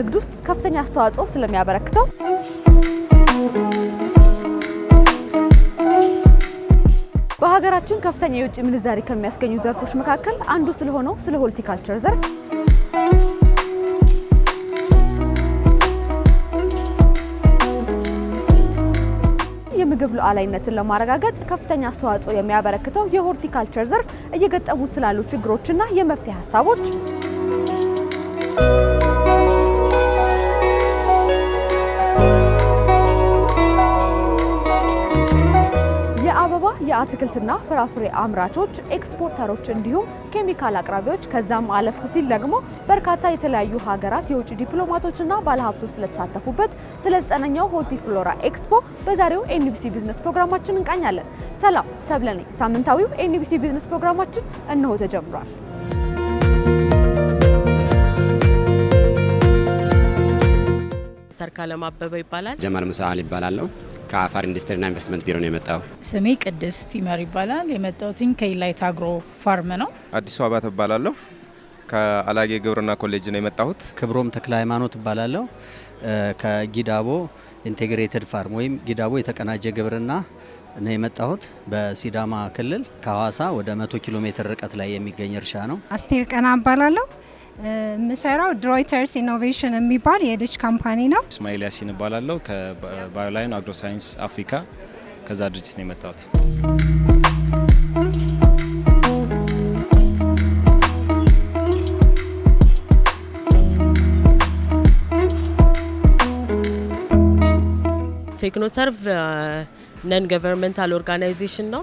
ንግድ ውስጥ ከፍተኛ አስተዋጽኦ ስለሚያበረክተው በሀገራችን ከፍተኛ የውጭ ምንዛሪ ከሚያስገኙ ዘርፎች መካከል አንዱ ስለሆነው ስለ ሆልቲካልቸር ዘርፍ የምግብ ሉዓላዊነትን ለማረጋገጥ ከፍተኛ አስተዋጽኦ የሚያበረክተው የሆርቲካልቸር ዘርፍ እየገጠሙ ስላሉ ችግሮችና የመፍትሄ ሀሳቦች የአትክልትና ፍራፍሬ አምራቾች፣ ኤክስፖርተሮች እንዲሁም ኬሚካል አቅራቢዎች ከዛም አለፍ ሲል ደግሞ በርካታ የተለያዩ ሀገራት የውጭ ዲፕሎማቶችና ባለሀብቶች ስለተሳተፉበት ስለ ዘጠነኛው ፍሎራ ኤክስፖ በዛሬው ኤንቢሲ ቢዝነስ ፕሮግራማችን እንቃኛለን። ሰላም ሰብለ ነኝ። ሳምንታዊው ኤንቢሲ ቢዝነስ ፕሮግራማችን እነሆ ተጀምሯል። ሰርካለም አበበ ይባላል። ጀመር ሙሳ አል ይባላለሁ። ከአፋር ኢንዱስትሪና ኢንቨስትመንት ቢሮ ነው የመጣው። ስሜ ቅድስት ይመር ይባላል። የመጣሁትኝ ከኢላይት አግሮ ፋርም ነው። አዲሱ አባት እባላለሁ። ከአላጌ ግብርና ኮሌጅ ነው የመጣሁት። ክብሮም ተክለ ሃይማኖት እባላለሁ። ከጊዳቦ ኢንቴግሬትድ ፋርም ወይም ጊዳቦ የተቀናጀ ግብርና ነው የመጣሁት። በሲዳማ ክልል ከሐዋሳ ወደ 100 ኪሎ ሜትር ርቀት ላይ የሚገኝ እርሻ ነው። አስቴር ቀና እባላለሁ። የምሰራው ድሮይተርስ ኢኖቬሽን የሚባል የድች ካምፓኒ ነው። እስማኤል ያሲን እባላለሁ ከባዮላይን አግሮ ሳይንስ አፍሪካ ከዛ ድርጅት ነው የመጣሁት። ቴክኖሰርቭ ነን ገቨርንመንታል ኦርጋናይዜሽን ነው።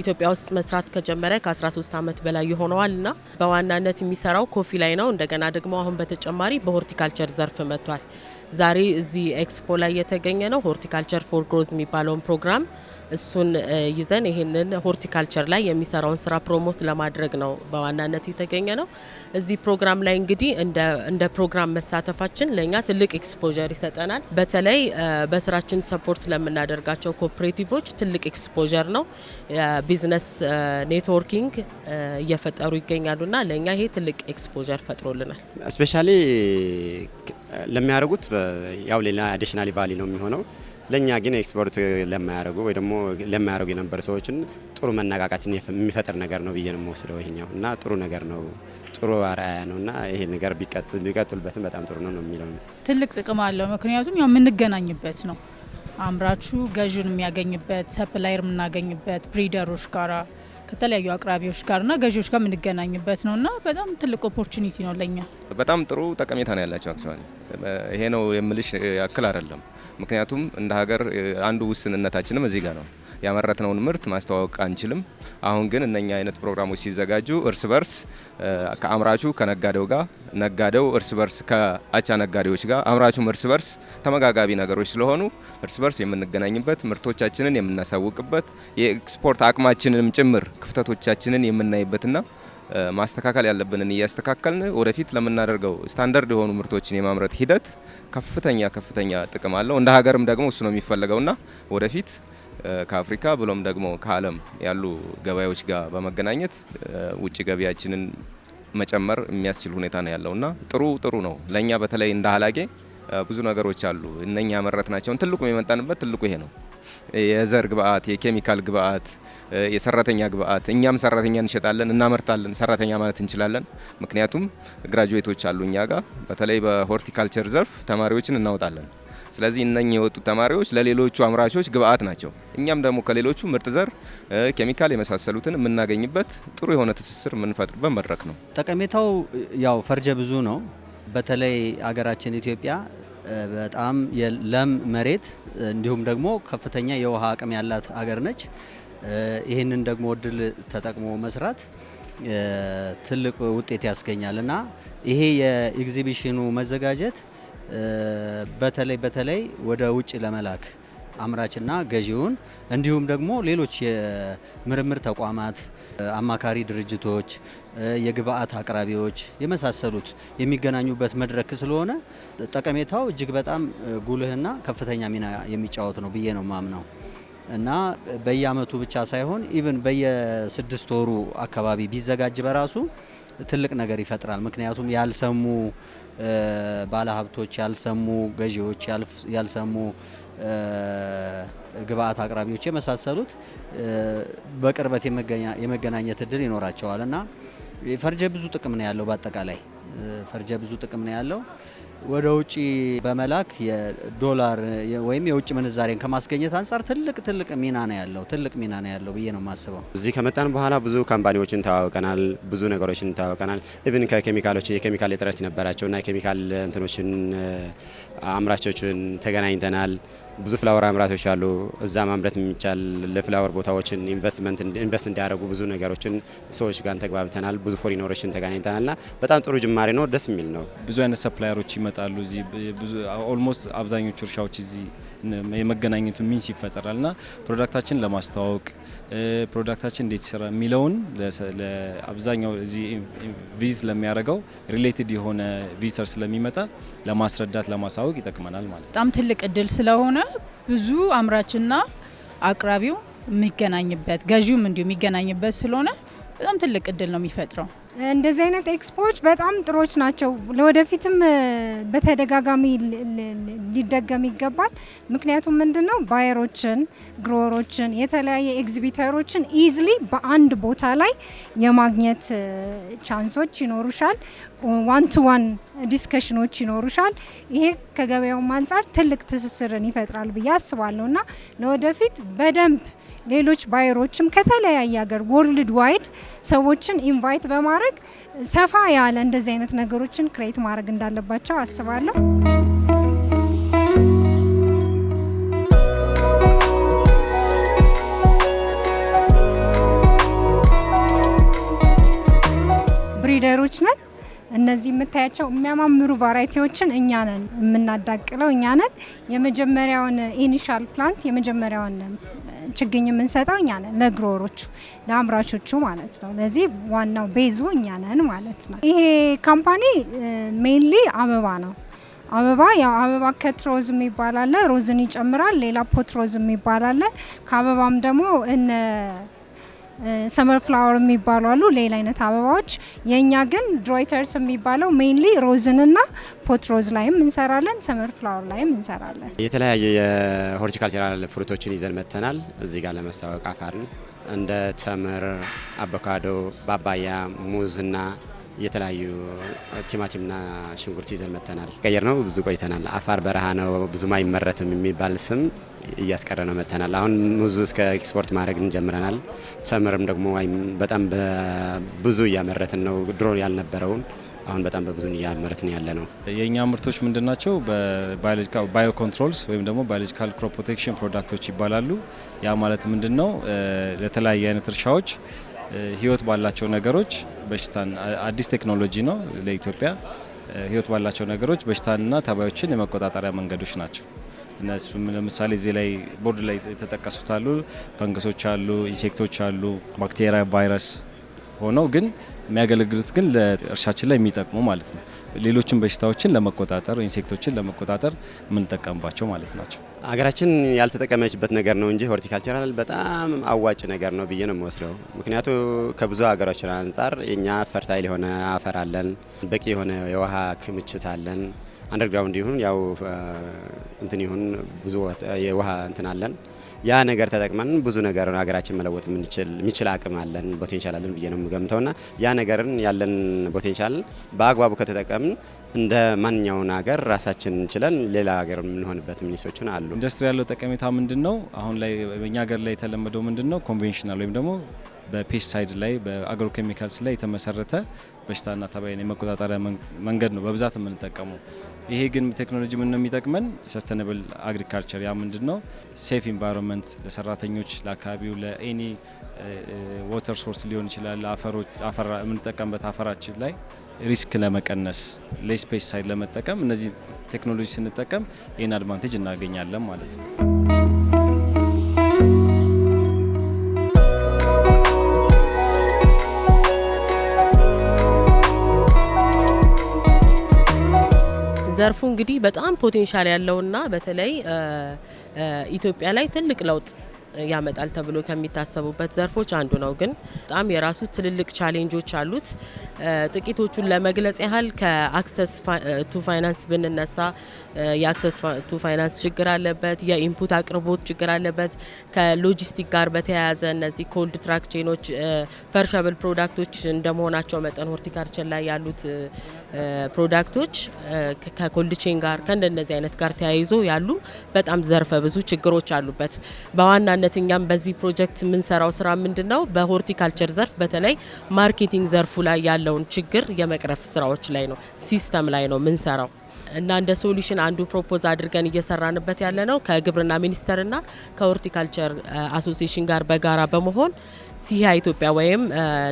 ኢትዮጵያ ውስጥ መስራት ከጀመረ ከ13 ዓመት በላይ የሆነዋል እና በዋናነት የሚሰራው ኮፊ ላይ ነው። እንደገና ደግሞ አሁን በተጨማሪ በሆርቲካልቸር ዘርፍ መጥቷል። ዛሬ እዚህ ኤክስፖ ላይ የተገኘ ነው ሆርቲካልቸር ፎር ግሮዝ የሚባለውን ፕሮግራም እሱን ይዘን ይህንን ሆርቲካልቸር ላይ የሚሰራውን ስራ ፕሮሞት ለማድረግ ነው በዋናነት የተገኘ ነው። እዚህ ፕሮግራም ላይ እንግዲህ እንደ ፕሮግራም መሳተፋችን ለእኛ ትልቅ ኤክስፖዠር ይሰጠናል። በተለይ በስራችን ሰፖርት ለምናደርጋቸው ኮኦፕሬቲቮች ትልቅ ኤክስፖዠር ነው። ቢዝነስ ኔትወርኪንግ እየፈጠሩ ይገኛሉና ለእኛ ይሄ ትልቅ ኤክስፖዠር ፈጥሮልናል። እስፔሻሊ ለሚያደርጉት ያው ሌላ አዲሽናሊ ቫሊ ነው የሚሆነው ለእኛ ግን ኤክስፖርት ለማያደርጉ ወይ ደግሞ ለማያደርጉ የነበሩ ሰዎችን ጥሩ መነቃቃትን የሚፈጥር ነገር ነው ብዬ ነው የምወስደው ይሄኛው እና ጥሩ ነገር ነው፣ ጥሩ አርአያ ነው እና ይሄ ነገር ቢቀጥሉበትም በጣም ጥሩ ነው ነው የሚለው ትልቅ ጥቅም አለው። ምክንያቱም ያው የምንገናኝበት ነው አምራቹ ገዥን የሚያገኝበት ሰፕላየር የምናገኝበት ብሪደሮች ጋራ ከተለያዩ አቅራቢዎች ጋርና ገዢዎች ጋር የምንገናኝበት ነውና በጣም ትልቅ ኦፖርቹኒቲ ነው ለኛ። በጣም ጥሩ ጠቀሜታ ነው ያላቸው። አክቹዋሊ ይሄ ነው የምልሽ ያክል አይደለም። ምክንያቱም እንደ ሀገር አንዱ ውስንነታችንም እዚህ ጋር ነው። ያመረትነውን ምርት ማስተዋወቅ አንችልም። አሁን ግን እነኛ አይነት ፕሮግራሞች ሲዘጋጁ እርስ በርስ ከአምራቹ ከነጋዴው ጋር፣ ነጋዴው እርስ በርስ ከአቻ ነጋዴዎች ጋር፣ አምራቹም እርስ በርስ ተመጋጋቢ ነገሮች ስለሆኑ እርስ በርስ የምንገናኝበት ምርቶቻችንን የምናሳውቅበት የኤክስፖርት አቅማችንንም ጭምር ክፍተቶቻችንን የምናይበትና ማስተካከል ያለብንን እያስተካከልን ወደፊት ለምናደርገው ስታንዳርድ የሆኑ ምርቶችን የማምረት ሂደት ከፍተኛ ከፍተኛ ጥቅም አለው። እንደ ሀገርም ደግሞ እሱ ነው የሚፈለገውና ወደፊት ከአፍሪካ ብሎም ደግሞ ከዓለም ያሉ ገበያዎች ጋር በመገናኘት ውጭ ገበያችንን መጨመር የሚያስችል ሁኔታ ነው ያለውና ጥሩ ጥሩ ነው ለእኛ በተለይ እንደ ሀላጌ ብዙ ነገሮች አሉ። እነኛ መረት ናቸውን ትልቁ የመጣንበት ትልቁ ይሄ ነው። የዘር ግብአት፣ የኬሚካል ግብአት፣ የሰራተኛ ግብአት። እኛም ሰራተኛ እንሸጣለን፣ እናመርታለን። ሰራተኛ ማለት እንችላለን። ምክንያቱም ግራጁዌቶች አሉ እኛ ጋር በተለይ በሆርቲካልቸር ዘርፍ ተማሪዎችን እናወጣለን። ስለዚህ እነኚህ የወጡ ተማሪዎች ለሌሎቹ አምራቾች ግብአት ናቸው። እኛም ደግሞ ከሌሎቹ ምርጥ ዘር፣ ኬሚካል የመሳሰሉትን የምናገኝበት ጥሩ የሆነ ትስስር የምንፈጥርበት መድረክ ነው። ጠቀሜታው ያው ፈርጀ ብዙ ነው። በተለይ አገራችን ኢትዮጵያ በጣም የለም መሬት እንዲሁም ደግሞ ከፍተኛ የውሃ አቅም ያላት አገር ነች። ይህንን ደግሞ እድል ተጠቅሞ መስራት ትልቅ ውጤት ያስገኛል እና ይሄ የኤግዚቢሽኑ መዘጋጀት በተለይ በተለይ ወደ ውጭ ለመላክ አምራችና ገዢውን እንዲሁም ደግሞ ሌሎች የምርምር ተቋማት፣ አማካሪ ድርጅቶች፣ የግብአት አቅራቢዎች የመሳሰሉት የሚገናኙበት መድረክ ስለሆነ ጠቀሜታው እጅግ በጣም ጉልህና ከፍተኛ ሚና የሚጫወት ነው ብዬ ነው ማምነው እና በየአመቱ ብቻ ሳይሆን ኢቨን በየስድስት ወሩ አካባቢ ቢዘጋጅ በራሱ ትልቅ ነገር ይፈጥራል። ምክንያቱም ያልሰሙ ባለሀብቶች፣ ያልሰሙ ገዢዎች፣ ያልሰሙ ግብአት አቅራቢዎች የመሳሰሉት በቅርበት የመገናኘት እድል ይኖራቸዋል እና ፈርጀ ብዙ ጥቅም ነው ያለው። በአጠቃላይ ፈርጀ ብዙ ጥቅም ነው ያለው። ወደ ውጭ በመላክ የዶላር ወይም የውጭ ምንዛሬን ከማስገኘት አንጻር ትልቅ ትልቅ ሚና ነው ያለው ትልቅ ሚና ነው ያለው ብዬ ነው የማስበው። እዚህ ከመጣን በኋላ ብዙ ካምፓኒዎችን ተዋወቀናል፣ ብዙ ነገሮችን ተዋወቀናል። ኢቭን ከኬሚካሎች የኬሚካል እጥረት ነበራቸው እና የኬሚካል እንትኖችን አምራቾችን ተገናኝተናል። ብዙ ፍላወር አምራቾች አሉ። እዛ ማምረት የሚቻል ለፍላወር ቦታዎችን ኢንቨስትመንት ኢንቨስት እንዲያደርጉ ብዙ ነገሮችን ሰዎች ጋር ተግባብተናል። ብዙ ፎሪኖሮችን ተገናኝተናልና በጣም ጥሩ ጅማሬ ነው። ደስ የሚል ነው። ብዙ አይነት ሰፕላየሮች ይመጣሉ። እዚህ ኦልሞስት አብዛኞቹ እርሻዎች እዚህ የመገናኘቱ ሚንስ ይፈጠራል እና ፕሮዳክታችን ለማስተዋወቅ ፕሮዳክታችን እንዴት ይሰራ የሚለውን ለአብዛኛው እዚህ ቪዚት ለሚያደርገው ሪሌትድ የሆነ ቪዚተር ስለሚመጣ ለማስረዳት ለማሳወቅ ይጠቅመናል ማለት ነው። በጣም ትልቅ እድል ስለሆነ ብዙ አምራችና አቅራቢው የሚገናኝበት ገዢውም እንዲሁ የሚገናኝበት ስለሆነ በጣም ትልቅ እድል ነው የሚፈጥረው። እንደዚህ አይነት ኤክስፖዎች በጣም ጥሮች ናቸው። ለወደፊትም በተደጋጋሚ ሊደገም ይገባል። ምክንያቱም ምንድን ነው ባየሮችን፣ ግሮወሮችን፣ የተለያየ ኤግዚቢተሮችን ኢዝሊ በአንድ ቦታ ላይ የማግኘት ቻንሶች ይኖሩሻል። ዋን ቱ ዋን ዲስከሽኖች ይኖሩሻል። ይሄ ከገበያውም አንጻር ትልቅ ትስስርን ይፈጥራል ብዬ አስባለሁ እና ለወደፊት በደንብ ሌሎች ባየሮችም ከተለያየ ሀገር ወርልድ ዋይድ ሰዎችን ኢንቫይት በማድረግ ሰፋ ያለ እንደዚህ አይነት ነገሮችን ክሬት ማድረግ እንዳለባቸው አስባለሁ። ብሪደሮች ነን። እነዚህ የምታያቸው የሚያማምሩ ቫራይቲዎችን እኛ ነን የምናዳቅለው፣ እኛ ነን የመጀመሪያውን ኢኒሻል ፕላንት የመጀመሪያውን ችግኝ የምንሰጠው እኛ ነን፣ ለግሮሮቹ ለአምራቾቹ ማለት ነው። ለዚህ ዋናው ቤዙ እኛ ነን ማለት ነው። ይሄ ካምፓኒ ሜንሊ አበባ ነው። አበባ ያው አበባ ከትሮዝ የሚባል አለ፣ ሮዝን ይጨምራል። ሌላ ፖትሮዝ ሮዝ የሚባል አለ። ከአበባም ደግሞ እነ ሰመር ፍላወር የሚባሉ አሉ፣ ሌላ አይነት አበባዎች። የእኛ ግን ድሮይተርስ የሚባለው ሜይንሊ ሮዝንና ፖት ሮዝ ላይም እንሰራለን፣ ሰመር ፍላወር ላይም እንሰራለን። የተለያዩ የሆርቲካልቸራል ፍሩቶችን ይዘን መጥተናል እዚህ ጋር ለመስታወቅ አፋርን እንደ ተምር፣ አቮካዶ፣ ባባያ፣ ሙዝና የተለያዩ ቲማቲምና ሽንኩርት ይዘን መጥተናል። ቀየር ነው ብዙ ቆይተናል። አፋር በረሃ ነው ብዙም አይመረትም የሚባል ስም እያስቀረ ነው መጥተናል። አሁን ሙዝ እስከ ኤክስፖርት ማድረግ እንጀምረናል። ሰምርም ደግሞ በጣም ብዙ እያመረትን ነው። ድሮ ያልነበረውን አሁን በጣም በብዙ እያመረትን ያለ ነው። የእኛ ምርቶች ምንድን ናቸው? ባዮ ኮንትሮልስ ወይም ደግሞ ባዮሎጂካል ክሮፕ ፕሮቴክሽን ፕሮዳክቶች ይባላሉ። ያ ማለት ምንድን ነው? ለተለያየ አይነት እርሻዎች ህይወት ባላቸው ነገሮች በሽታን አዲስ ቴክኖሎጂ ነው ለኢትዮጵያ ህይወት ባላቸው ነገሮች በሽታንና ተባዮችን የመቆጣጠሪያ መንገዶች ናቸው። እነሱም ለምሳሌ እዚህ ላይ ቦርድ ላይ የተጠቀሱት አሉ፣ ፈንገሶች አሉ፣ ኢንሴክቶች አሉ፣ ባክቴሪያ፣ ቫይረስ ሆነው ግን የሚያገለግሉት ግን ለእርሻችን ላይ የሚጠቅሙ ማለት ነው። ሌሎችን በሽታዎችን ለመቆጣጠር ኢንሴክቶችን ለመቆጣጠር የምንጠቀምባቸው ማለት ናቸው። ሀገራችን ያልተጠቀመችበት ነገር ነው እንጂ ሆርቲካልቸራል በጣም አዋጭ ነገር ነው ብዬ ነው የምወስደው። ምክንያቱ ከብዙ ሀገሮች አንጻር እኛ ፈርታይል የሆነ አፈር አለን፣ በቂ የሆነ የውሃ ክምችት አለን። አንደርግራውንድ ይሁን ያው እንትን ይሁን ብዙ የውሃ እንትን አለን ያ ነገር ተጠቅመን ብዙ ነገር ሀገራችን መለወጥ የሚችል አቅም አለን ፖቴንሻል አለን ብዬ ነው የምገምተው ና ያ ነገርን ያለን ፖቴንሻል በአግባቡ ከተጠቀምን እንደ ማንኛውን ሀገር ራሳችን እንችለን ሌላ ሀገር የምንሆንበት ሚኒስቶችን አሉ። ኢንዱስትሪ ያለው ጠቀሜታ ምንድን ነው? አሁን ላይ በእኛ ሀገር ላይ የተለመደው ምንድን ነው? ኮንቬንሽናል ወይም ደግሞ በፔስቲሳይድ ላይ በአግሮ ኬሚካልስ ላይ የተመሰረተ በሽታና ተባይን የመቆጣጠሪያ መንገድ ነው በብዛት የምንጠቀመው። ይሄ ግን ቴክኖሎጂ ምን ነው የሚጠቅመን? ሰስተነብል አግሪካልቸር ያ ምንድን ነው? ሴፍ ኢንቫይሮንመንት ለሰራተኞች፣ ለአካባቢው፣ ለኤኒ ወተር ሶርስ ሊሆን ይችላል የምንጠቀምበት አፈራችን ላይ ሪስክ ለመቀነስ ሌስ ፔስቲሳይድ ለመጠቀም እነዚህ ቴክኖሎጂ ስንጠቀም ይህን አድቫንቴጅ እናገኛለን ማለት ነው። ዘርፉ እንግዲህ በጣም ፖቴንሻል ያለውና በተለይ ኢትዮጵያ ላይ ትልቅ ለውጥ ያመጣል ተብሎ ከሚታሰቡበት ዘርፎች አንዱ ነው። ግን በጣም የራሱ ትልልቅ ቻሌንጆች አሉት። ጥቂቶቹን ለመግለጽ ያህል ከአክሰስ ቱ ፋይናንስ ብንነሳ የአክሰስ ቱ ፋይናንስ ችግር አለበት። የኢንፑት አቅርቦት ችግር አለበት። ከሎጂስቲክ ጋር በተያያዘ እነዚህ ኮልድ ትራክ ቼኖች ፐርሸብል ፕሮዳክቶች እንደመሆናቸው መጠን ሆርቲካልቸር ላይ ያሉት ፕሮዳክቶች ከኮልድ ቼን ጋር ከእንደነዚህ አይነት ጋር ተያይዞ ያሉ በጣም ዘርፈ ብዙ ችግሮች አሉበት በዋናነት በዋናነት እኛም በዚህ ፕሮጀክት የምንሰራው ስራ ምንድን ነው? በሆርቲካልቸር ዘርፍ በተለይ ማርኬቲንግ ዘርፉ ላይ ያለውን ችግር የመቅረፍ ስራዎች ላይ ነው፣ ሲስተም ላይ ነው ምንሰራው። እና እንደ ሶሉሽን አንዱ ፕሮፖዝ አድርገን እየሰራንበት ያለ ነው ከግብርና ሚኒስቴርና ከሆርቲካልቸር አሶሲሽን ጋር በጋራ በመሆን ሲያ ኢትዮጵያ ወይም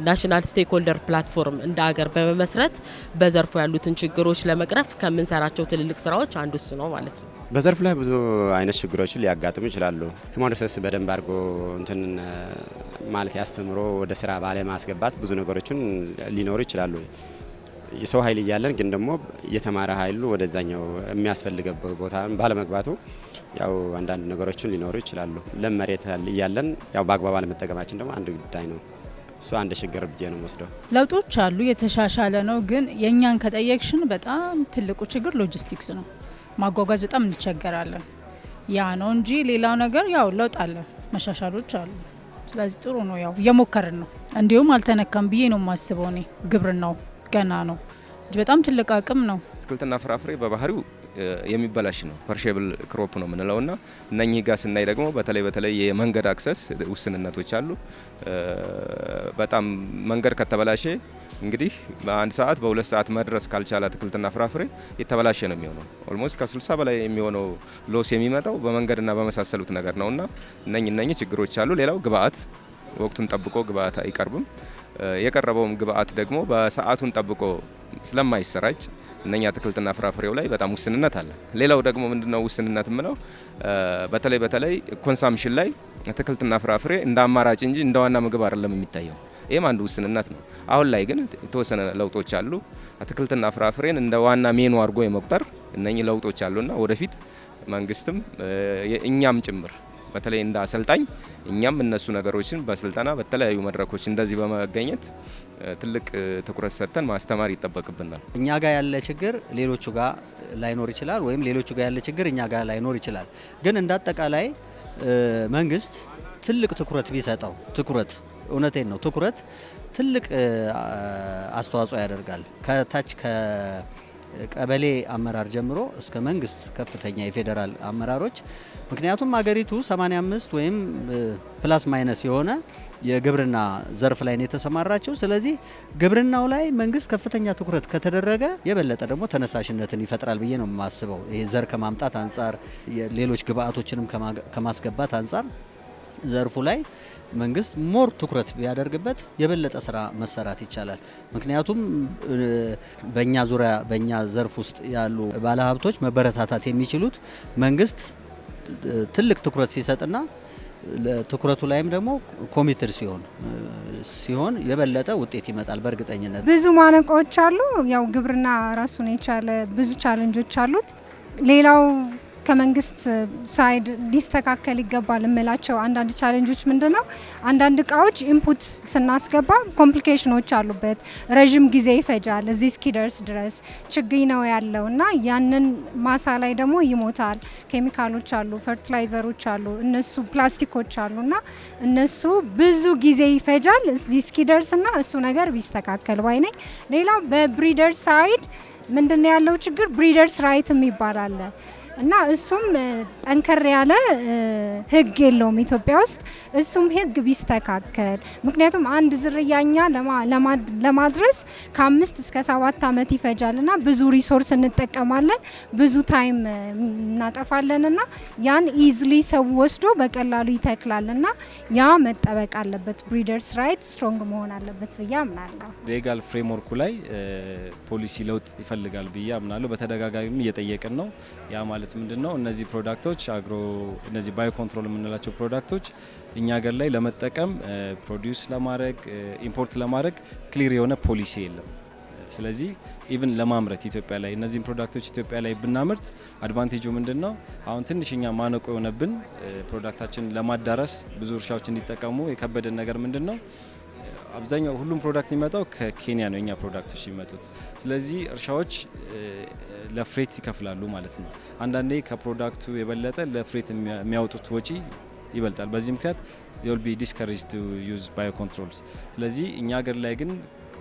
ናሽናል ስቴክሆልደር ፕላትፎርም እንደ ሀገር በመመስረት በዘርፉ ያሉትን ችግሮች ለመቅረፍ ከምንሰራቸው ትልልቅ ስራዎች አንዱ እሱ ነው ማለት ነው። በዘርፍ ላይ ብዙ አይነት ችግሮችን ሊያጋጥሙ ይችላሉ። ህማኖሰስ በደንብ አድርጎ እንትን ማለት ያስተምሮ ወደ ስራ ባለማስገባት ብዙ ነገሮችን ሊኖሩ ይችላሉ። የሰው ኃይል እያለን ግን ደግሞ የተማረ ኃይሉ ወደዛኛው የሚያስፈልገበት ቦታ ባለመግባቱ ያው አንዳንድ ነገሮችን ሊኖሩ ይችላሉ። ለም መሬት እያለን ያው በአግባብ አለመጠቀማችን ደግሞ አንድ ጉዳይ ነው። እሱ አንድ ችግር ብዬ ነው ወስደው። ለውጦች አሉ፣ የተሻሻለ ነው። ግን የእኛን ከጠየቅሽን በጣም ትልቁ ችግር ሎጂስቲክስ ነው። ማጓጓዝ በጣም እንቸገራለን። ያ ነው እንጂ ሌላው ነገር ያው ለውጥ አለ፣ መሻሻሎች አሉ። ስለዚህ ጥሩ ነው፣ ያው እየሞከርን ነው። እንዲሁም አልተነካም ብዬ ነው የማስበው እኔ ግብርናው ገና ነው። በጣም ትልቅ አቅም ነው። አትክልትና ፍራፍሬ በባህሪው የሚበላሽ ነው። ፐርሼብል ክሮፕ ነው የምንለው እና እነኚህ ጋር ስናይ ደግሞ በተለይ በተለይ የመንገድ አክሰስ ውስንነቶች አሉ። በጣም መንገድ ከተበላሸ እንግዲህ በአንድ ሰዓት በሁለት ሰዓት መድረስ ካልቻለ አትክልትና ፍራፍሬ የተበላሸ ነው የሚሆነው። ኦልሞስት ከ በላይ የሚሆነው ሎስ የሚመጣው በመንገድና በመሳሰሉት ነገር ነው እና እነኚህ እነኚህ ችግሮች አሉ። ሌላው ግብአት ወቅቱን ጠብቆ ግብአት አይቀርብም። የቀረበውም ግብአት ደግሞ በሰዓቱን ጠብቆ ስለማይሰራጭ እነኛ አትክልትና ፍራፍሬው ላይ በጣም ውስንነት አለ። ሌላው ደግሞ ምንድነው ውስንነት የምለው በተለይ በተለይ ኮንሳምሽን ላይ አትክልትና ፍራፍሬ እንደ አማራጭ እንጂ እንደ ዋና ምግብ አይደለም የሚታየው። ይህም አንዱ ውስንነት ነው። አሁን ላይ ግን የተወሰነ ለውጦች አሉ። አትክልትና ፍራፍሬን እንደ ዋና ሜኑ አድርጎ የመቁጠር እነኚህ ለውጦች አሉና ወደፊት መንግስትም እኛም ጭምር በተለይ እንደ አሰልጣኝ እኛም እነሱ ነገሮችን በስልጠና በተለያዩ መድረኮች እንደዚህ በመገኘት ትልቅ ትኩረት ሰጥተን ማስተማር ይጠበቅብናል። እኛ ጋር ያለ ችግር ሌሎቹ ጋር ላይኖር ይችላል፣ ወይም ሌሎቹ ጋር ያለ ችግር እኛ ጋር ላይኖር ይችላል። ግን እንደ አጠቃላይ መንግስት ትልቅ ትኩረት ቢሰጠው ትኩረት እውነቴን ነው ትኩረት ትልቅ አስተዋጽኦ ያደርጋል ከታች ቀበሌ አመራር ጀምሮ እስከ መንግስት ከፍተኛ የፌዴራል አመራሮች ምክንያቱም አገሪቱ 85 ወይም ፕላስ ማይነስ የሆነ የግብርና ዘርፍ ላይ ነው የተሰማራቸው። ስለዚህ ግብርናው ላይ መንግስት ከፍተኛ ትኩረት ከተደረገ የበለጠ ደግሞ ተነሳሽነትን ይፈጥራል ብዬ ነው የማስበው። ይሄ ዘር ከማምጣት አንጻር ሌሎች ግብአቶችንም ከማስገባት አንጻር ዘርፉ ላይ መንግስት ሞር ትኩረት ቢያደርግበት የበለጠ ስራ መሰራት ይቻላል። ምክንያቱም በእኛ ዙሪያ በእኛ ዘርፍ ውስጥ ያሉ ባለሀብቶች መበረታታት የሚችሉት መንግስት ትልቅ ትኩረት ሲሰጥና ትኩረቱ ላይም ደግሞ ኮሚትር ሲሆን ሲሆን የበለጠ ውጤት ይመጣል። በእርግጠኝነት ብዙ ማነቆዎች አሉ። ያው ግብርና ራሱን የቻለ ብዙ ቻለንጆች አሉት። ሌላው ከመንግስት ሳይድ ሊስተካከል ይገባል የምላቸው አንዳንድ ቻለንጆች ምንድን ነው? አንዳንድ እቃዎች ኢንፑት ስናስገባ ኮምፕሊኬሽኖች አሉበት፣ ረዥም ጊዜ ይፈጃል እዚህ እስኪደርስ ድረስ ችግኝ ነው ያለው እና ያንን ማሳ ላይ ደግሞ ይሞታል። ኬሚካሎች አሉ፣ ፈርቲላይዘሮች አሉ፣ እነሱ ፕላስቲኮች አሉ እና እነሱ ብዙ ጊዜ ይፈጃል እዚህ እስኪደርስ እና እሱ ነገር ቢስተካከል ባይ ነኝ። ሌላው በብሪደር ሳይድ ምንድን ነው ያለው ችግር? ብሪደርስ ራይትም ይባላል እና እሱም ጠንከር ያለ ህግ የለውም ኢትዮጵያ ውስጥ። እሱም ህግ ቢስተካከል፣ ምክንያቱም አንድ ዝርያኛ ለማድረስ ከአምስት እስከ ሰባት አመት ይፈጃል እና ብዙ ሪሶርስ እንጠቀማለን፣ ብዙ ታይም እናጠፋለን እና ያን ኢዝሊ ሰው ወስዶ በቀላሉ ይተክላል እና ያ መጠበቅ አለበት። ብሪደርስ ራይት ስትሮንግ መሆን አለበት ብዬ አምናለሁ። ሌጋል ፍሬምወርኩ ላይ ፖሊሲ ለውጥ ይፈልጋል ብዬ አምናለሁ። በተደጋጋሚ እየጠየቅን ነው ያ ማለት ማለት ምንድን ነው? እነዚህ ፕሮዳክቶች አግሮ እነዚህ ኮንትሮል የምንላቸው ፕሮዳክቶች እኛ ሀገር ላይ ለመጠቀም ፕሮዲውስ ለማድረግ ኢምፖርት ለማድረግ ክሊር የሆነ ፖሊሲ የለም። ስለዚህ ኢቭን ለማምረት ኢትዮጵያ ላይ እነዚህን ፕሮዳክቶች ኢትዮጵያ ላይ ብናምርት አድቫንቴጁ ምንድን ነው? አሁን እኛ ማነቆ የሆነብን ፕሮዳክታችን ለማዳረስ ብዙ እርሻዎች እንዲጠቀሙ የከበደን ነገር ምንድን ነው? አብዛኛው ሁሉም ፕሮዳክት የሚመጣው ከኬንያ ነው የኛ ፕሮዳክቶች የሚመጡት። ስለዚህ እርሻዎች ለፍሬት ይከፍላሉ ማለት ነው። አንዳንዴ ከፕሮዳክቱ የበለጠ ለፍሬት የሚያወጡት ወጪ ይበልጣል። በዚህ ምክንያት ል ቢ ዲስካሬጅ ቱ ዩዝ ባዮኮንትሮልስ። ስለዚህ እኛ ሀገር ላይ ግን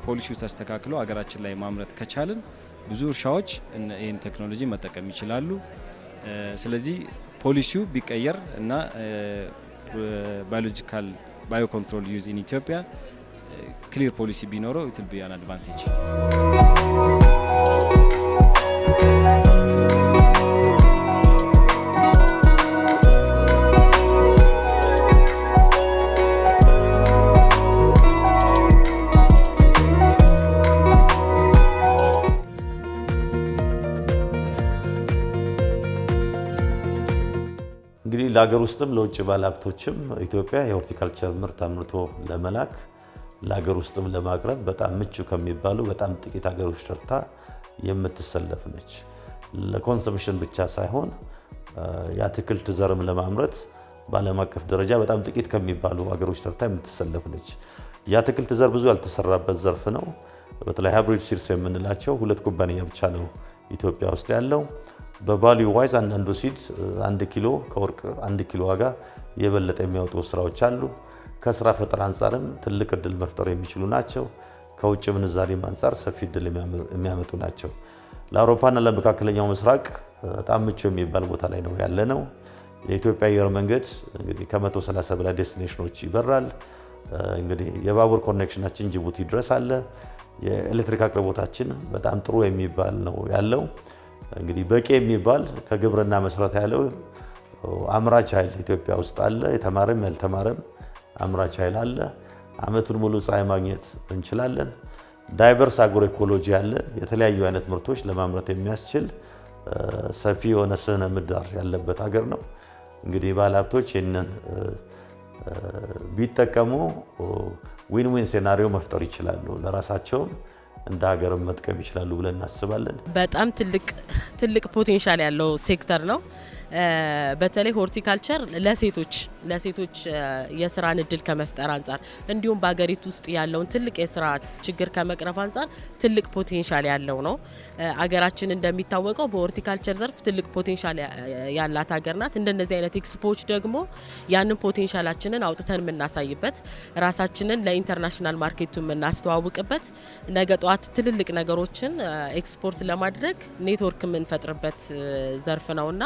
ፖሊሲው ተስተካክሎ ሀገራችን ላይ ማምረት ከቻልን ብዙ እርሻዎች ይህን ቴክኖሎጂ መጠቀም ይችላሉ። ስለዚህ ፖሊሲው ቢቀየር እና ባዮሎጂካል ባዮኮንትሮል ዩዝ ኢን ኢትዮጵያ ክሊር ፖሊሲ ቢኖረው ኢትል ቢ አድቫንቴጅ። እንግዲህ ለሀገር ውስጥም ለውጭ ባለሀብቶችም ኢትዮጵያ የሆርቲካልቸር ምርት አምርቶ ለመላክ ለሀገር ውስጥም ለማቅረብ በጣም ምቹ ከሚባሉ በጣም ጥቂት ሀገሮች ተርታ የምትሰለፍ ነች። ለኮንሰምሽን ብቻ ሳይሆን የአትክልት ዘርም ለማምረት በዓለም አቀፍ ደረጃ በጣም ጥቂት ከሚባሉ ሀገሮች ተርታ የምትሰለፍ ነች። የአትክልት ዘር ብዙ ያልተሰራበት ዘርፍ ነው። በተለይ ሃይብሪድ ሲድስ የምንላቸው ሁለት ኩባንያ ብቻ ነው ኢትዮጵያ ውስጥ ያለው። በቫሊዩ ዋይዝ አንዳንዱ ሲድ አንድ ኪሎ ከወርቅ አንድ ኪሎ ዋጋ የበለጠ የሚያወጡ ስራዎች አሉ። ከስራ ፈጠራ አንጻርም ትልቅ እድል መፍጠር የሚችሉ ናቸው። ከውጭ ምንዛሬም አንጻር ሰፊ እድል የሚያመጡ ናቸው። ለአውሮፓና ለመካከለኛው ምስራቅ በጣም ምቹ የሚባል ቦታ ላይ ነው ያለ ነው። የኢትዮጵያ አየር መንገድ እንግዲህ ከ130 በላይ ዴስቲኔሽኖች ይበራል። እንግዲህ የባቡር ኮኔክሽናችን ጅቡቲ ድረስ አለ። የኤሌክትሪክ አቅርቦታችን በጣም ጥሩ የሚባል ነው ያለው። እንግዲህ በቂ የሚባል ከግብርና መሰረት ያለው አምራች ኃይል ኢትዮጵያ ውስጥ አለ። የተማረም ያልተማረም አምራች ኃይል አለ። አመቱን ሙሉ ፀሐይ ማግኘት እንችላለን። ዳይቨርስ አግሮ ኢኮሎጂ አለን። የተለያዩ አይነት ምርቶች ለማምረት የሚያስችል ሰፊ የሆነ ስነ ምህዳር ያለበት ሀገር ነው። እንግዲህ ባለሀብቶች ይህንን ቢጠቀሙ ዊን ዊን ሴናሪዮ መፍጠር ይችላሉ። ለራሳቸውም እንደ ሀገርም መጥቀም ይችላሉ ብለን እናስባለን። በጣም ትልቅ ፖቴንሻል ያለው ሴክተር ነው። በተለይ ሆርቲካልቸር ለሴቶች ለሴቶች የስራን እድል ከመፍጠር አንጻር እንዲሁም በሀገሪቱ ውስጥ ያለውን ትልቅ የስራ ችግር ከመቅረፍ አንጻር ትልቅ ፖቴንሻል ያለው ነው። አገራችን እንደሚታወቀው በሆርቲካልቸር ዘርፍ ትልቅ ፖቴንሻል ያላት ሀገር ናት። እንደነዚህ አይነት ኤክስፖዎች ደግሞ ያንን ፖቴንሻላችንን አውጥተን የምናሳይበት ራሳችንን ለኢንተርናሽናል ማርኬቱ የምናስተዋውቅበት ነገ ጠዋት ትልልቅ ነገሮችን ኤክስፖርት ለማድረግ ኔትወርክ የምንፈጥርበት ዘርፍ ነውና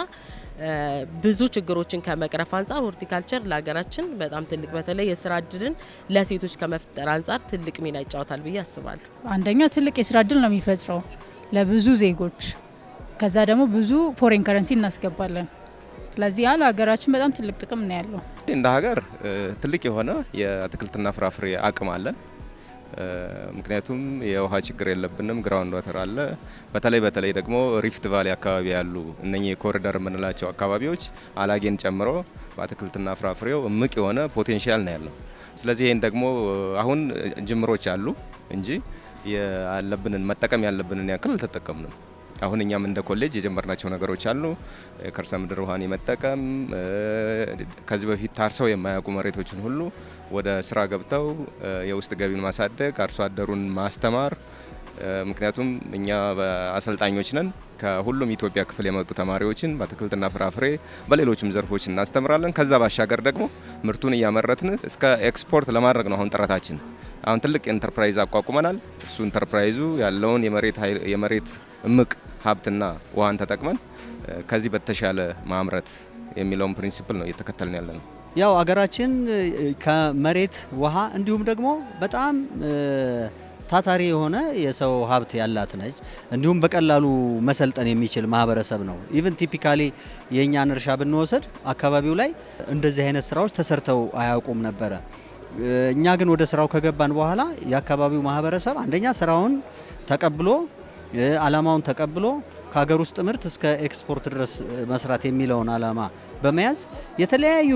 ብዙ ችግሮችን ከመቅረፍ አንጻር ሆርቲካልቸር ለሀገራችን በጣም ትልቅ በተለይ የስራ እድልን ለሴቶች ከመፍጠር አንጻር ትልቅ ሚና ይጫወታል ብዬ አስባለሁ። አንደኛ ትልቅ የስራ እድል ነው የሚፈጥረው ለብዙ ዜጎች፣ ከዛ ደግሞ ብዙ ፎሬን ከረንሲ እናስገባለን። ስለዚህ ያህል ሀገራችን በጣም ትልቅ ጥቅም ነው ያለው። እንደ ሀገር ትልቅ የሆነ የአትክልትና ፍራፍሬ አቅም አለን። ምክንያቱም የውሃ ችግር የለብንም፣ ግራውንድ ወተር አለ። በተለይ በተለይ ደግሞ ሪፍት ቫሊ አካባቢ ያሉ እነኚህ የኮሪደር የምንላቸው አካባቢዎች አላጌን ጨምሮ በአትክልትና ፍራፍሬው እምቅ የሆነ ፖቴንሻል ነው ያለው። ስለዚህ ይህን ደግሞ አሁን ጅምሮች አሉ እንጂ ያለብንን መጠቀም ያለብንን ያክል አልተጠቀምንም። አሁን እኛም እንደ ኮሌጅ የጀመርናቸው ነገሮች አሉ። ከርሰ ምድር ውሃን የመጠቀም ከዚህ በፊት ታርሰው የማያውቁ መሬቶችን ሁሉ ወደ ስራ ገብተው የውስጥ ገቢን ማሳደግ፣ አርሶ አደሩን ማስተማር ምክንያቱም እኛ አሰልጣኞች ነን። ከሁሉም ኢትዮጵያ ክፍል የመጡ ተማሪዎችን በአትክልትና ፍራፍሬ በሌሎችም ዘርፎች እናስተምራለን። ከዛ ባሻገር ደግሞ ምርቱን እያመረትን እስከ ኤክስፖርት ለማድረግ ነው አሁን ጥረታችን። አሁን ትልቅ ኢንተርፕራይዝ አቋቁመናል። እሱ ኢንተርፕራይዙ ያለውን የመሬት እምቅ ሀብትና ውሃን ተጠቅመን ከዚህ በተሻለ ማምረት የሚለውን ፕሪንሲፕል ነው እየተከተልን ያለ ነው። ያው አገራችን ከመሬት ውሃ እንዲሁም ደግሞ በጣም ታታሪ የሆነ የሰው ሀብት ያላት ነች። እንዲሁም በቀላሉ መሰልጠን የሚችል ማህበረሰብ ነው። ኢቨን ቲፒካሊ የእኛን እርሻ ብንወስድ አካባቢው ላይ እንደዚህ አይነት ስራዎች ተሰርተው አያውቁም ነበረ። እኛ ግን ወደ ስራው ከገባን በኋላ የአካባቢው ማህበረሰብ አንደኛ ስራውን ተቀብሎ አላማውን ተቀብሎ ከሀገር ውስጥ ምርት እስከ ኤክስፖርት ድረስ መስራት የሚለውን አላማ በመያዝ የተለያዩ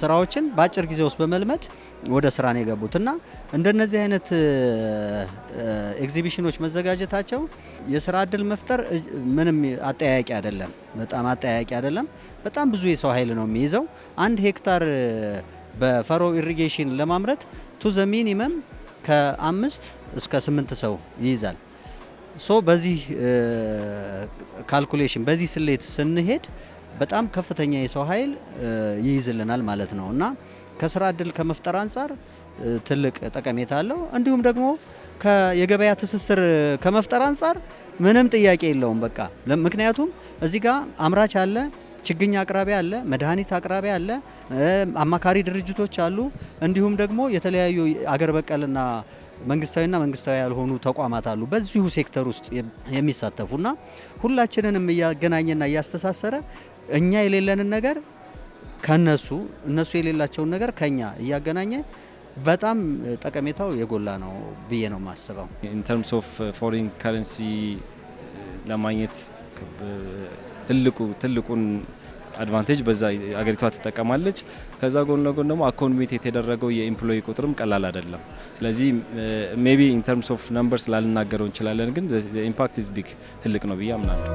ስራዎችን በአጭር ጊዜ ውስጥ በመልመድ ወደ ስራ ነው የገቡት እና እንደነዚህ አይነት ኤግዚቢሽኖች መዘጋጀታቸው የስራ እድል መፍጠር ምንም አጠያያቂ አይደለም። በጣም አጠያያቂ አይደለም። በጣም ብዙ የሰው ኃይል ነው የሚይዘው አንድ ሄክታር በፈሮ ኢሪጌሽን ለማምረት ቱ ዘ ሚኒመም ከአምስት እስከ ስምንት ሰው ይይዛል። ሶ በዚህ ካልኩሌሽን በዚህ ስሌት ስንሄድ በጣም ከፍተኛ የሰው ኃይል ይይዝልናል ማለት ነው እና ከስራ እድል ከመፍጠር አንጻር ትልቅ ጠቀሜታ አለው። እንዲሁም ደግሞ የገበያ ትስስር ከመፍጠር አንጻር ምንም ጥያቄ የለውም። በቃ ምክንያቱም እዚህ ጋር አምራች አለ ችግኝ አቅራቢ አለ፣ መድኃኒት አቅራቢ አለ፣ አማካሪ ድርጅቶች አሉ። እንዲሁም ደግሞ የተለያዩ አገር በቀልና መንግስታዊና መንግስታዊ ያልሆኑ ተቋማት አሉ በዚሁ ሴክተር ውስጥ የሚሳተፉና ሁላችንንም እያገናኘና እያስተሳሰረ እኛ የሌለንን ነገር ከነሱ እነሱ የሌላቸውን ነገር ከኛ እያገናኘ በጣም ጠቀሜታው የጎላ ነው ብዬ ነው የማስበው ኢን ተርምስ ኦፍ ፎሪን ከረንሲ ለማግኘት ትልቁ ትልቁን አድቫንቴጅ በዛ አገሪቷ ትጠቀማለች። ከዛ ጎን ለጎን ደግሞ አኮንሚት የተደረገው የኤምፕሎይ ቁጥርም ቀላል አይደለም። ስለዚህ ሜቢ ኢን ተርምስ ኦፍ ነምበርስ ላልናገረው እንችላለን፣ ግን ኢምፓክት ኢዝ ቢግ ትልቅ ነው ብዬ አምናለሁ።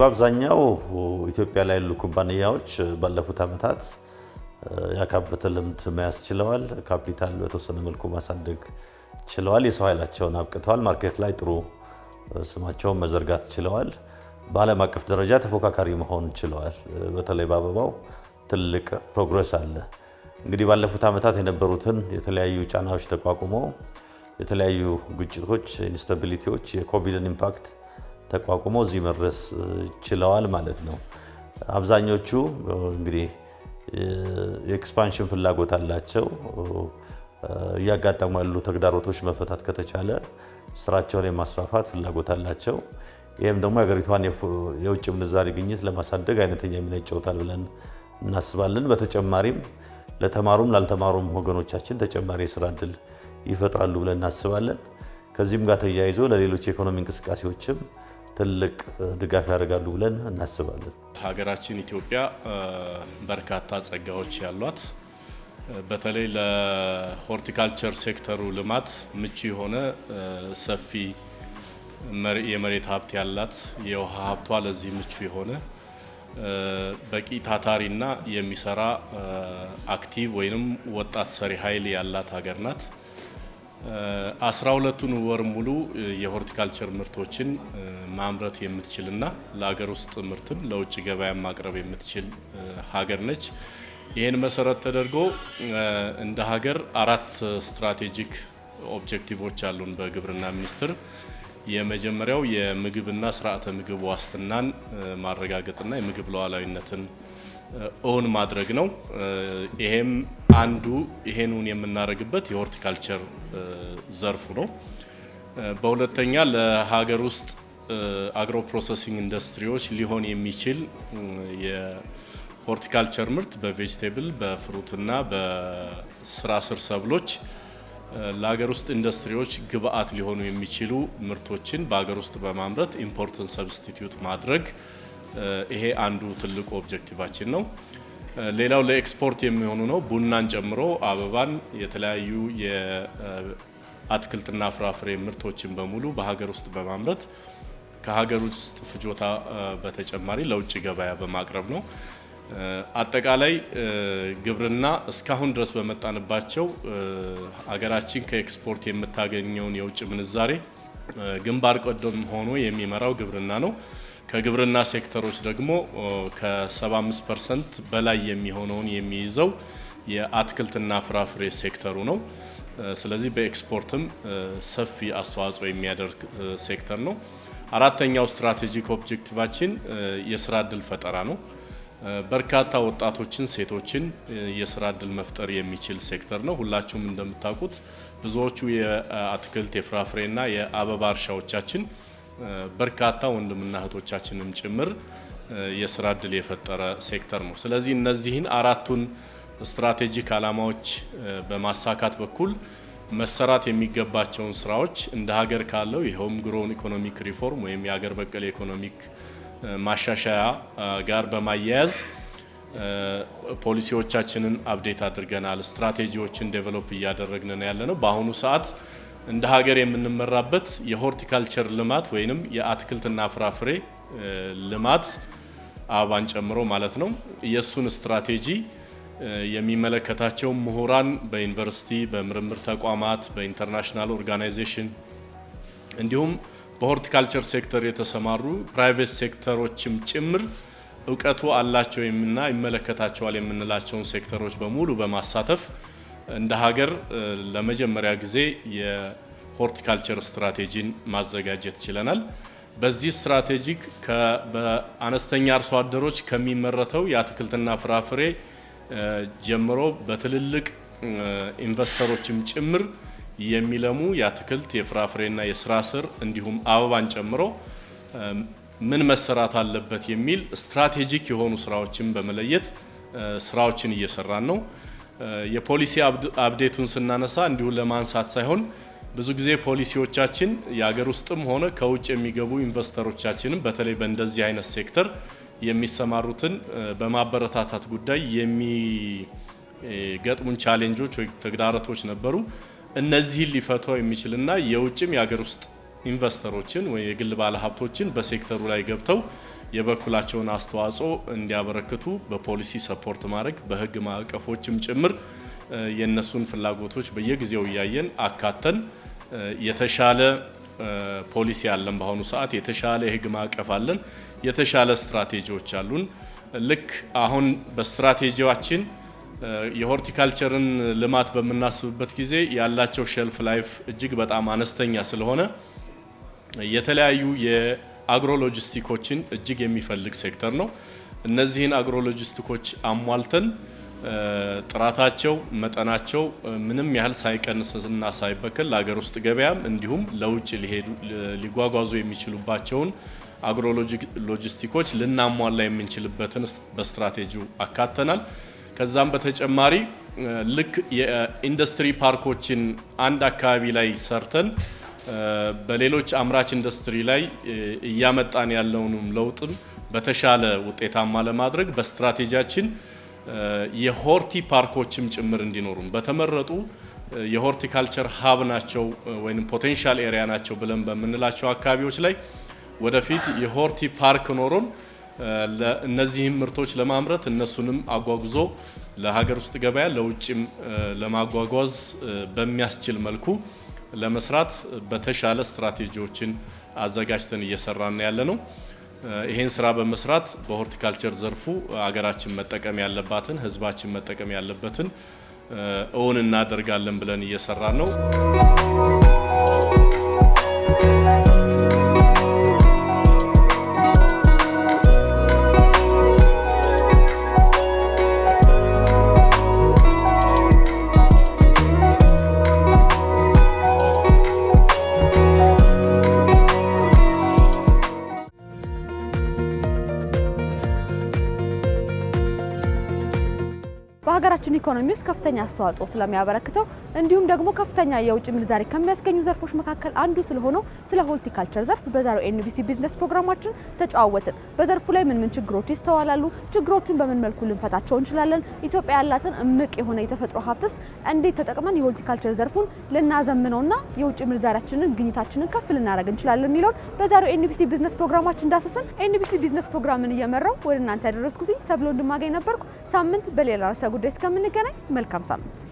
በአብዛኛው ኢትዮጵያ ላይ ያሉ ኩባንያዎች ባለፉት ዓመታት ያካበተ ልምድ መያዝ ችለዋል። ካፒታል በተወሰነ መልኩ ማሳደግ ችለዋል። የሰው ኃይላቸውን አብቅተዋል። ማርኬት ላይ ጥሩ ስማቸውን መዘርጋት ችለዋል። በዓለም አቀፍ ደረጃ ተፎካካሪ መሆን ችለዋል። በተለይ በአበባው ትልቅ ፕሮግረስ አለ። እንግዲህ ባለፉት ዓመታት የነበሩትን የተለያዩ ጫናዎች ተቋቁሞ የተለያዩ ግጭቶች፣ ኢንስታቢሊቲዎች የኮቪድን ኢምፓክት ተቋቁመው እዚህ መድረስ ችለዋል ማለት ነው። አብዛኞቹ እንግዲህ የኤክስፓንሽን ፍላጎት አላቸው። እያጋጠሙ ያሉ ተግዳሮቶች መፈታት ከተቻለ ስራቸውን የማስፋፋት ፍላጎት አላቸው። ይህም ደግሞ የሀገሪቷን የውጭ ምንዛሪ ግኝት ለማሳደግ አይነተኛ ሚና ይጫወታል ብለን እናስባለን። በተጨማሪም ለተማሩም ላልተማሩም ወገኖቻችን ተጨማሪ የስራ እድል ይፈጥራሉ ብለን እናስባለን። ከዚህም ጋር ተያይዞ ለሌሎች የኢኮኖሚ እንቅስቃሴዎችም ትልቅ ድጋፍ ያደርጋሉ ብለን እናስባለን። ሀገራችን ኢትዮጵያ በርካታ ጸጋዎች ያሏት በተለይ ለሆርቲካልቸር ሴክተሩ ልማት ምቹ የሆነ ሰፊ የመሬት ሀብት ያላት የውሃ ሀብቷ ለዚህ ምቹ የሆነ በቂ ታታሪና የሚሰራ አክቲቭ ወይም ወጣት ሰሪ ኃይል ያላት ሀገር ናት። አስራ ሁለቱን ወር ሙሉ የሆርቲካልቸር ምርቶችን ማምረት የምትችልና ለሀገር ውስጥ ምርትም ለውጭ ገበያ ማቅረብ የምትችል ሀገር ነች። ይህን መሰረት ተደርጎ እንደ ሀገር አራት ስትራቴጂክ ኦብጀክቲቮች አሉን በግብርና ሚኒስቴር። የመጀመሪያው የምግብና ስርዓተ ምግብ ዋስትናን ማረጋገጥና የምግብ ሉዓላዊነትን እውን ማድረግ ነው። ይሄም አንዱ ይሄንን የምናደርግበት የሆርቲካልቸር ዘርፉ ነው። በሁለተኛ ለሀገር ውስጥ አግሮ ፕሮሰሲንግ ኢንዱስትሪዎች ሊሆን የሚችል የሆርቲካልቸር ምርት በቬጅቴብል በፍሩትና በስራ ስር ሰብሎች ለሀገር ውስጥ ኢንዱስትሪዎች ግብአት ሊሆኑ የሚችሉ ምርቶችን በሀገር ውስጥ በማምረት ኢምፖርትን ሰብስቲትዩት ማድረግ ይሄ አንዱ ትልቁ ኦብጀክቲቫችን ነው። ሌላው ለኤክስፖርት የሚሆኑ ነው። ቡናን ጨምሮ አበባን፣ የተለያዩ የአትክልትና ፍራፍሬ ምርቶችን በሙሉ በሀገር ውስጥ በማምረት ከሀገር ውስጥ ፍጆታ በተጨማሪ ለውጭ ገበያ በማቅረብ ነው። አጠቃላይ ግብርና እስካሁን ድረስ በመጣንባቸው ሀገራችን ከኤክስፖርት የምታገኘውን የውጭ ምንዛሬ ግንባር ቀደም ሆኖ የሚመራው ግብርና ነው። ከግብርና ሴክተሮች ደግሞ ከ75 ፐርሰንት በላይ የሚሆነውን የሚይዘው የአትክልትና ፍራፍሬ ሴክተሩ ነው። ስለዚህ በኤክስፖርትም ሰፊ አስተዋጽኦ የሚያደርግ ሴክተር ነው። አራተኛው ስትራቴጂክ ኦብጀክቲቫችን የስራ እድል ፈጠራ ነው። በርካታ ወጣቶችን፣ ሴቶችን የስራ እድል መፍጠር የሚችል ሴክተር ነው። ሁላችሁም እንደምታውቁት ብዙዎቹ የአትክልት የፍራፍሬና የአበባ እርሻዎቻችን በርካታ ወንድምና እህቶቻችንም ጭምር የስራ እድል የፈጠረ ሴክተር ነው። ስለዚህ እነዚህን አራቱን ስትራቴጂክ ዓላማዎች በማሳካት በኩል መሰራት የሚገባቸውን ስራዎች እንደ ሀገር ካለው የሆም ግሮን ኢኮኖሚክ ሪፎርም ወይም የሀገር በቀል ኢኮኖሚክ ማሻሻያ ጋር በማያያዝ ፖሊሲዎቻችንን አብዴት አድርገናል። ስትራቴጂዎችን ዴቨሎፕ እያደረግን ያለ ነው በአሁኑ ሰዓት እንደ ሀገር የምንመራበት የሆርቲካልቸር ልማት ወይንም የአትክልትና ፍራፍሬ ልማት አበባን ጨምሮ ማለት ነው። የእሱን ስትራቴጂ የሚመለከታቸው ምሁራን በዩኒቨርሲቲ፣ በምርምር ተቋማት፣ በኢንተርናሽናል ኦርጋናይዜሽን እንዲሁም በሆርቲካልቸር ሴክተር የተሰማሩ ፕራይቬት ሴክተሮችም ጭምር እውቀቱ አላቸው እና ይመለከታቸዋል የምንላቸውን ሴክተሮች በሙሉ በማሳተፍ እንደ ሀገር ለመጀመሪያ ጊዜ የሆርቲካልቸር ስትራቴጂን ማዘጋጀት ችለናል። በዚህ ስትራቴጂክ በአነስተኛ አርሶ አደሮች ከሚመረተው የአትክልትና ፍራፍሬ ጀምሮ በትልልቅ ኢንቨስተሮችም ጭምር የሚለሙ የአትክልት የፍራፍሬና የስራ ስር እንዲሁም አበባን ጨምሮ ምን መሰራት አለበት የሚል ስትራቴጂክ የሆኑ ስራዎችን በመለየት ስራዎችን እየሰራን ነው። የፖሊሲ አብዴቱን ስናነሳ እንዲሁ ለማንሳት ሳይሆን ብዙ ጊዜ ፖሊሲዎቻችን የሀገር ውስጥም ሆነ ከውጭ የሚገቡ ኢንቨስተሮቻችንም በተለይ በእንደዚህ አይነት ሴክተር የሚሰማሩትን በማበረታታት ጉዳይ የሚገጥሙን ቻሌንጆች ወይ ተግዳሮቶች ነበሩ። እነዚህን ሊፈቷ የሚችልና የውጭም የሀገር ውስጥ ኢንቨስተሮችን ወይ የግል ባለሀብቶችን በሴክተሩ ላይ ገብተው የበኩላቸውን አስተዋጽኦ እንዲያበረክቱ በፖሊሲ ሰፖርት ማድረግ በህግ ማዕቀፎችም ጭምር የእነሱን ፍላጎቶች በየጊዜው እያየን አካተን የተሻለ ፖሊሲ አለን። በአሁኑ ሰዓት የተሻለ የህግ ማዕቀፍ አለን። የተሻለ ስትራቴጂዎች አሉን። ልክ አሁን በስትራቴጂዋችን የሆርቲካልቸርን ልማት በምናስብበት ጊዜ ያላቸው ሸልፍ ላይፍ እጅግ በጣም አነስተኛ ስለሆነ የተለያዩ አግሮ ሎጂስቲኮችን እጅግ የሚፈልግ ሴክተር ነው። እነዚህን አግሮ ሎጂስቲኮች አሟልተን ጥራታቸው፣ መጠናቸው ምንም ያህል ሳይቀንስና ሳይበከል ለሀገር ውስጥ ገበያም እንዲሁም ለውጭ ሊጓጓዙ የሚችሉባቸውን አግሮ ሎጂስቲኮች ልናሟላ የምንችልበትን በስትራቴጂው አካተናል። ከዛም በተጨማሪ ልክ የኢንዱስትሪ ፓርኮችን አንድ አካባቢ ላይ ሰርተን በሌሎች አምራች ኢንዱስትሪ ላይ እያመጣን ያለውንም ለውጥም በተሻለ ውጤታማ ለማድረግ በስትራቴጂያችን የሆርቲ ፓርኮችም ጭምር እንዲኖሩም በተመረጡ የሆርቲካልቸር ሀብ ናቸው ወይም ፖቴንሻል ኤሪያ ናቸው ብለን በምንላቸው አካባቢዎች ላይ ወደፊት የሆርቲ ፓርክ ኖሮን እነዚህም ምርቶች ለማምረት እነሱንም አጓጉዞ ለሀገር ውስጥ ገበያ ለውጭም ለማጓጓዝ በሚያስችል መልኩ ለመስራት በተሻለ ስትራቴጂዎችን አዘጋጅተን እየሰራን ያለ ነው። ይህን ስራ በመስራት በሆርቲካልቸር ዘርፉ አገራችን መጠቀም ያለባትን ህዝባችን መጠቀም ያለበትን እውን እናደርጋለን ብለን እየሰራን ነው። ኢኮኖሚ ውስጥ ከፍተኛ አስተዋጽኦ ስለሚያበረክተው እንዲሁም ደግሞ ከፍተኛ የውጭ ምንዛሪ ከሚያስገኙ ዘርፎች መካከል አንዱ ስለሆነው ስለ ሆልቲካልቸር ዘርፍ በዛሬው ኤንቢሲ ቢዝነስ ፕሮግራማችን ተጨዋወትን። በዘርፉ ላይ ምን ምን ችግሮች ይስተዋላሉ? ችግሮቹን በምን መልኩ ልንፈታቸው እንችላለን? ኢትዮጵያ ያላትን እምቅ የሆነ የተፈጥሮ ሀብትስ እንዴት ተጠቅመን የሆልቲካልቸር ዘርፉን ልናዘምነውና የውጭ ምንዛሪያችንን ግኝታችንን ከፍ ልናደርግ እንችላለን የሚለውን በዛሬው ኤንቢሲ ቢዝነስ ፕሮግራማችን እንዳሰስን። ኤንቢሲ ቢዝነስ ፕሮግራምን እየመራው ወደ እናንተ ያደረስኩት ሰብሎ እንድማገኝ ነበርኩ። ሳምንት በሌላ ርዕሰ ጉዳይ እስከምን እስከምንገናኝ መልካም ሳምንት